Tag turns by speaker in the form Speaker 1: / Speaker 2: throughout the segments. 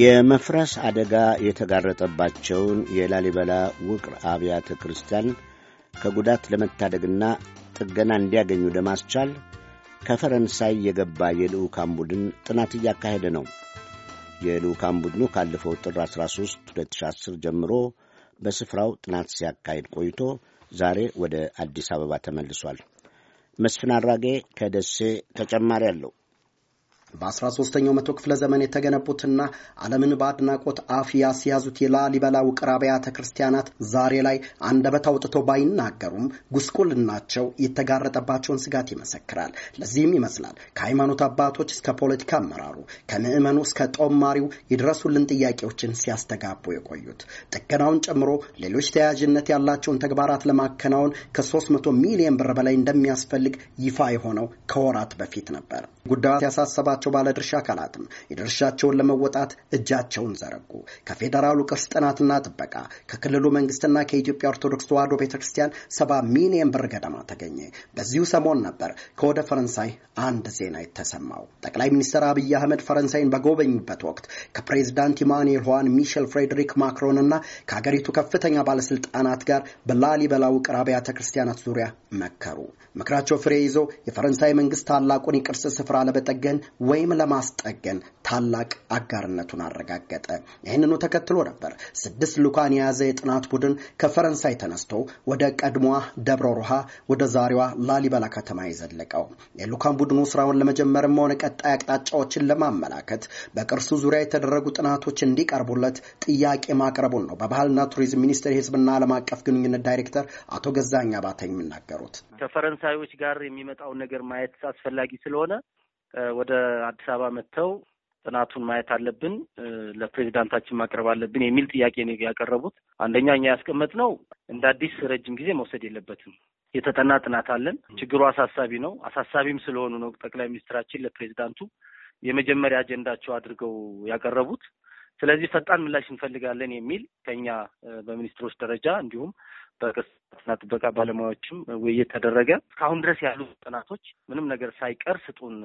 Speaker 1: የመፍረስ አደጋ የተጋረጠባቸውን የላሊበላ ውቅር አብያተ ክርስቲያን ከጉዳት ለመታደግና ጥገና እንዲያገኙ ለማስቻል ከፈረንሳይ የገባ የልዑካን ቡድን ጥናት እያካሄደ ነው። የልዑካን ቡድኑ ካለፈው ጥር 13 2010 ጀምሮ በስፍራው ጥናት ሲያካሄድ ቆይቶ ዛሬ ወደ አዲስ አበባ ተመልሷል። መስፍን አራጌ ከደሴ ተጨማሪ አለው። በ13ኛው መቶ ክፍለ ዘመን የተገነቡትና ዓለምን በአድናቆት አፍ ያስያዙት የላሊበላ ውቅር አብያተ ክርስቲያናት ዛሬ ላይ አንደበት አውጥቶ ባይናገሩም ጉስቁልናቸው የተጋረጠባቸውን ስጋት ይመሰክራል። ለዚህም ይመስላል ከሃይማኖት አባቶች እስከ ፖለቲካ አመራሩ፣ ከምዕመኑ እስከ ጦማሪው የድረሱልን ጥያቄዎችን ሲያስተጋቡ የቆዩት ጥገናውን ጨምሮ ሌሎች ተያያዥነት ያላቸውን ተግባራት ለማከናወን ከ300 ሚሊዮን ብር በላይ እንደሚያስፈልግ ይፋ የሆነው ከወራት በፊት ነበር። ጉዳዩ ያሳሰባቸው ያላቸው ባለድርሻ አካላትም የድርሻቸውን ለመወጣት እጃቸውን ዘረጉ። ከፌዴራሉ ቅርስ ጥናትና ጥበቃ፣ ከክልሉ መንግስትና ከኢትዮጵያ ኦርቶዶክስ ተዋሕዶ ቤተ ክርስቲያን ሰባ ሚሊየን ብር ገደማ ተገኘ። በዚሁ ሰሞን ነበር ከወደ ፈረንሳይ አንድ ዜና የተሰማው። ጠቅላይ ሚኒስትር አብይ አህመድ ፈረንሳይን በጎበኙበት ወቅት ከፕሬዚዳንት ኢማኑኤል ሆዋን ሚሼል ፍሬድሪክ ማክሮን እና ከሀገሪቱ ከፍተኛ ባለስልጣናት ጋር በላሊበላ ውቅር አብያተ ክርስቲያናት ዙሪያ መከሩ። ምክራቸው ፍሬ ይዞ የፈረንሳይ መንግስት ታላቁን የቅርስ ስፍራ ለመጠገን ወይም ለማስጠገን ታላቅ አጋርነቱን አረጋገጠ። ይህንኑ ተከትሎ ነበር ስድስት ልዑካን የያዘ የጥናት ቡድን ከፈረንሳይ ተነስቶ ወደ ቀድሞዋ ደብረ ሮሃ ወደ ዛሬዋ ላሊበላ ከተማ የዘለቀው። የልዑካን ቡድኑ ስራውን ለመጀመርም ሆነ ቀጣይ አቅጣጫዎችን ለማመላከት በቅርሱ ዙሪያ የተደረጉ ጥናቶች እንዲቀርቡለት ጥያቄ ማቅረቡን ነው በባህልና ቱሪዝም ሚኒስቴር የህዝብና ዓለም አቀፍ ግንኙነት ዳይሬክተር አቶ ገዛኝ ባተ የሚናገሩት።
Speaker 2: ከፈረንሳዮች ጋር የሚመጣውን ነገር ማየት አስፈላጊ ስለሆነ ወደ አዲስ አበባ መጥተው ጥናቱን ማየት አለብን፣ ለፕሬዚዳንታችን ማቅረብ አለብን የሚል ጥያቄ ነው ያቀረቡት። አንደኛ እኛ ያስቀመጥነው እንደ አዲስ ረጅም ጊዜ መውሰድ የለበትም የተጠና ጥናት አለን። ችግሩ አሳሳቢ ነው። አሳሳቢም ስለሆኑ ነው ጠቅላይ ሚኒስትራችን ለፕሬዚዳንቱ የመጀመሪያ አጀንዳቸው አድርገው ያቀረቡት። ስለዚህ ፈጣን ምላሽ እንፈልጋለን የሚል ከኛ በሚኒስትሮች ደረጃ እንዲሁም በቅርጽና ጥበቃ ባለሙያዎችም ውይይት ተደረገ። እስካሁን ድረስ ያሉ ጥናቶች ምንም ነገር ሳይቀር ስጡን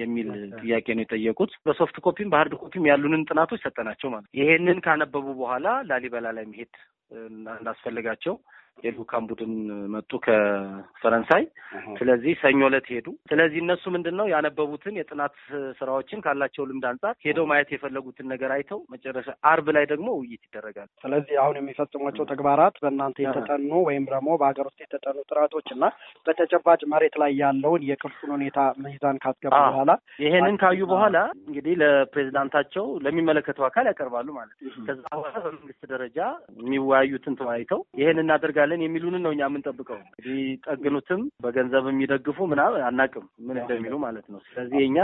Speaker 2: የሚል ጥያቄ ነው የጠየቁት። በሶፍት ኮፒም በሀርድ ኮፒም ያሉንን ጥናቶች ሰጠናቸው ማለት ይሄንን ካነበቡ በኋላ ላሊበላ ላይ መሄድ እንዳስፈልጋቸው የልኡካን ቡድን መጡ ከፈረንሳይ። ስለዚህ ሰኞ ዕለት ሄዱ። ስለዚህ እነሱ ምንድን ነው ያነበቡትን የጥናት ስራዎችን ካላቸው ልምድ አንጻር ሄደው ማየት የፈለጉትን ነገር አይተው መጨረሻ አርብ ላይ ደግሞ ውይይት ይደረጋል።
Speaker 1: ስለዚህ አሁን የሚፈጽሟቸው ተግባራት በእናንተ የተጠኑ ወይም ደግሞ በሀገር ውስጥ የተጠኑ ጥናቶች እና በተጨባጭ መሬት ላይ ያለውን
Speaker 2: የቅርሱን ሁኔታ ሚዛን ካስገባ በኋላ ይሄንን ካዩ በኋላ እንግዲህ ለፕሬዚዳንታቸው ለሚመለከተው አካል ያቀርባሉ ማለት ነው። ከዛ በኋላ በመንግስት ደረጃ የሚዋ የተወያዩትን ተወያይተው ይሄን እናደርጋለን የሚሉንን ነው እኛ የምንጠብቀው። ጠግኑትም በገንዘብ የሚደግፉ ምናምን አናቅም ምን እንደሚሉ ማለት ነው። ስለዚህ እኛ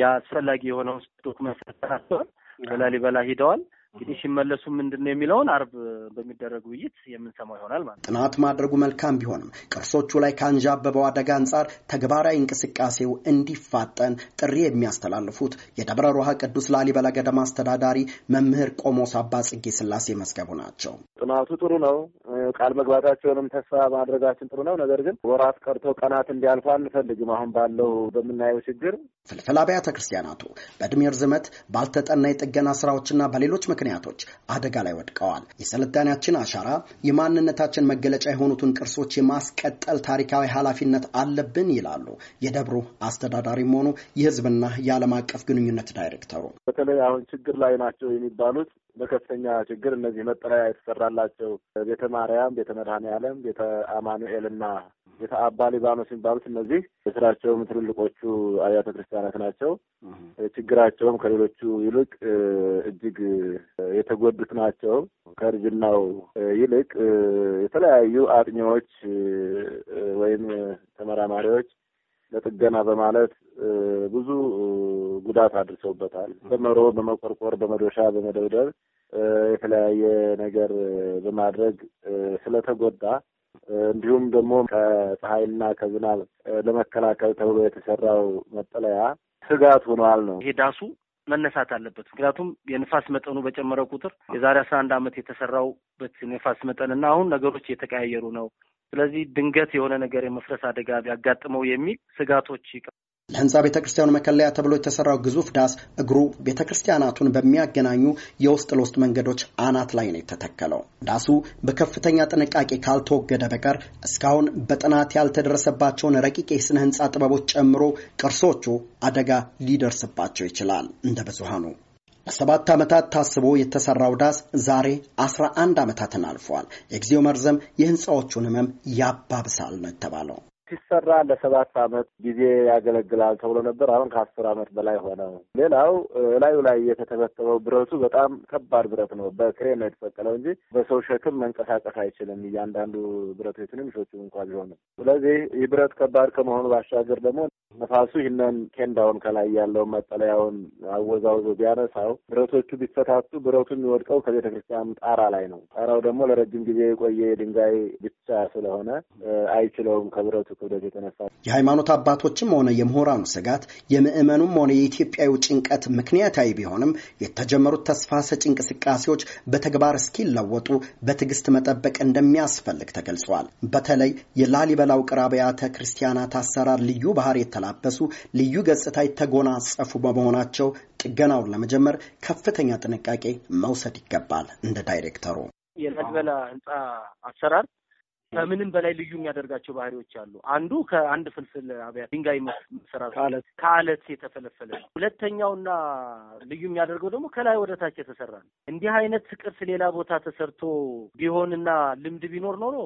Speaker 2: የአስፈላጊ የሆነው ዶክመንት ሰጠናቸዋል። በላሊበላ ሂደዋል። እንግዲህ ሲመለሱ ምንድን ነው የሚለውን አርብ በሚደረግ ውይይት
Speaker 3: የምንሰማው ይሆናል ማለት
Speaker 1: ነው። ጥናት ማድረጉ መልካም ቢሆንም ቅርሶቹ ላይ ከአንዣበበው አደጋ አንጻር ተግባራዊ እንቅስቃሴው እንዲፋጠን ጥሪ የሚያስተላልፉት የደብረ ሮሃ ቅዱስ ላሊበላ ገደማ አስተዳዳሪ መምህር ቆሞስ አባ ጽጌ ስላሴ መዝገቡ ናቸው።
Speaker 3: ጥናቱ ጥሩ ነው። ቃል መግባታቸውንም ተስፋ ማድረጋችን ጥሩ ነው። ነገር ግን ወራት ቀርቶ ቀናት እንዲያልፉ አንፈልግም። አሁን ባለው በምናየው ችግር
Speaker 1: ፍልፍል አብያተ ክርስቲያናቱ በእድሜ ርዝመት ባልተጠና የጥገና ስራዎችና በሌሎች ምክንያቶች አደጋ ላይ ወድቀዋል። የስልጣኔያችን አሻራ፣ የማንነታችን መገለጫ የሆኑትን ቅርሶች የማስቀጠል ታሪካዊ ኃላፊነት አለብን ይላሉ የደብሩ አስተዳዳሪም ሆኑ የህዝብና የዓለም አቀፍ ግንኙነት ዳይሬክተሩ።
Speaker 3: በተለይ አሁን ችግር ላይ ናቸው የሚባሉት በከፍተኛ ችግር እነዚህ መጠለያ የተሰራላቸው ቤተ ማርያም፣ ቤተ መድኃኔዓለም፣ ቤተ አማኑኤል እና ቤተ አባ ሊባኖስ የሚባሉት እነዚህ የስራቸውም ትልልቆቹ አብያተ ክርስቲያናት ናቸው። ችግራቸውም ከሌሎቹ ይልቅ እጅግ የተጎዱት ናቸው። ከእርጅናው ይልቅ የተለያዩ አጥኚዎች ወይም ተመራማሪዎች ለጥገና በማለት ብዙ ጉዳት አድርሰውበታል። በመሮ በመቆርቆር፣ በመዶሻ፣ በመደብደብ የተለያየ ነገር በማድረግ ስለተጎዳ እንዲሁም ደግሞ ከፀሐይና ከዝናብ ለመከላከል ተብሎ የተሰራው መጠለያ ስጋት ሆኗል ነው ይሄ
Speaker 2: ዳሱ መነሳት አለበት። ምክንያቱም የንፋስ መጠኑ በጨመረ ቁጥር የዛሬ አስራ አንድ ዓመት የተሰራውበት ንፋስ መጠን እና አሁን ነገሮች የተቀያየሩ ነው። ስለዚህ ድንገት የሆነ ነገር የመፍረስ አደጋ ቢያጋጥመው የሚል ስጋቶች
Speaker 1: ለህንፃ ቤተ ክርስቲያኑ መከለያ ተብሎ የተሰራው ግዙፍ ዳስ እግሩ ቤተ ክርስቲያናቱን በሚያገናኙ የውስጥ ለውስጥ መንገዶች አናት ላይ ነው የተተከለው። ዳሱ በከፍተኛ ጥንቃቄ ካልተወገደ በቀር እስካሁን በጥናት ያልተደረሰባቸውን ረቂቅ የስነ ህንፃ ጥበቦች ጨምሮ ቅርሶቹ አደጋ ሊደርስባቸው ይችላል። እንደ ብዙሃኑ ለሰባት ዓመታት ታስቦ የተሰራው ዳስ ዛሬ አስራ አንድ ዓመታትን አልፏል። የጊዜው መርዘም የህንፃዎቹን ህመም ያባብሳል ነው የተባለው።
Speaker 3: ሲሰራ ለሰባት አመት ጊዜ ያገለግላል ተብሎ ነበር። አሁን ከአስር አመት በላይ ሆነው። ሌላው እላዩ ላይ የተተበተበው ብረቱ በጣም ከባድ ብረት ነው። በክሬን ነው የተፈቀለው እንጂ በሰው ሸክም መንቀሳቀስ አይችልም። እያንዳንዱ ብረቱ የትንንሾቹ እንኳ ቢሆኑ። ስለዚህ ይህ ብረት ከባድ ከመሆኑ ባሻገር ደግሞ ነፋሱ ይህንን ኬንዳውን ከላይ ያለውን መጠለያውን አወዛውዞ ቢያነሳው ብረቶቹ ቢፈታቱ ብረቱ የሚወድቀው ከቤተ ክርስቲያን ጣራ ላይ ነው። ጣራው ደግሞ ለረጅም ጊዜ የቆየ ድንጋይ ብቻ ስለሆነ አይችለውም ከብረቱ የተነሳ
Speaker 1: የሃይማኖት አባቶችም ሆነ የምሁራኑ ስጋት የምዕመኑም ሆነ የኢትዮጵያዊ ጭንቀት ምክንያታዊ ቢሆንም የተጀመሩት ተስፋ ሰጪ እንቅስቃሴዎች በተግባር እስኪለወጡ በትዕግስት መጠበቅ እንደሚያስፈልግ ተገልጿል። በተለይ የላሊበላው ውቅር አብያተ ክርስቲያናት አሰራር ልዩ ባህር የተላበሱ ልዩ ገጽታ የተጎናጸፉ በመሆናቸው ጥገናውን ለመጀመር ከፍተኛ ጥንቃቄ መውሰድ ይገባል። እንደ ዳይሬክተሩ
Speaker 2: የላሊበላ ህንፃ አሰራር ከምንም በላይ ልዩ የሚያደርጋቸው ባህሪዎች አሉ። አንዱ ከአንድ ፍልፍል አብያት ድንጋይ መሰራት ከአለት የተፈለፈለ ነው። ሁለተኛውና ልዩ የሚያደርገው ደግሞ ከላይ ወደ ታች የተሰራ ነው። እንዲህ አይነት ቅርስ ሌላ ቦታ ተሰርቶ ቢሆንና ልምድ ቢኖር ኖሮ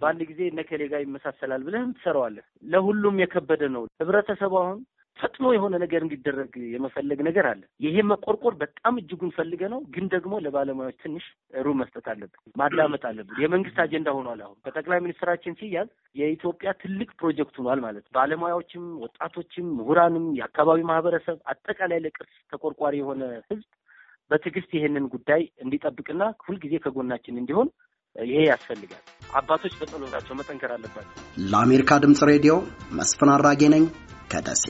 Speaker 2: በአንድ ጊዜ እነ ከሌ ጋር ይመሳሰላል ብለህም ትሰራዋለህ። ለሁሉም የከበደ ነው። ህብረተሰቡ አሁን ፈጥኖ የሆነ ነገር እንዲደረግ የመፈለግ ነገር አለ። ይሄ መቆርቆር በጣም እጅጉን ፈልገ ነው፣ ግን ደግሞ ለባለሙያዎች ትንሽ ሩብ መስጠት አለብን፣ ማዳመጥ አለብን። የመንግስት አጀንዳ ሆኗል። አሁን በጠቅላይ ሚኒስትራችን ሲያዝ የኢትዮጵያ ትልቅ ፕሮጀክት ሆኗል ማለት ባለሙያዎችም፣ ወጣቶችም፣ ምሁራንም፣ የአካባቢ ማህበረሰብ አጠቃላይ ለቅርስ ተቆርቋሪ የሆነ ህዝብ በትዕግስት ይሄንን ጉዳይ እንዲጠብቅና ሁልጊዜ ከጎናችን እንዲሆን ይሄ ያስፈልጋል። አባቶች በጸሎታቸው መጠንከር አለባቸው።
Speaker 1: ለአሜሪካ ድምፅ ሬዲዮ መስፍን አራጌ ነኝ ከደሴ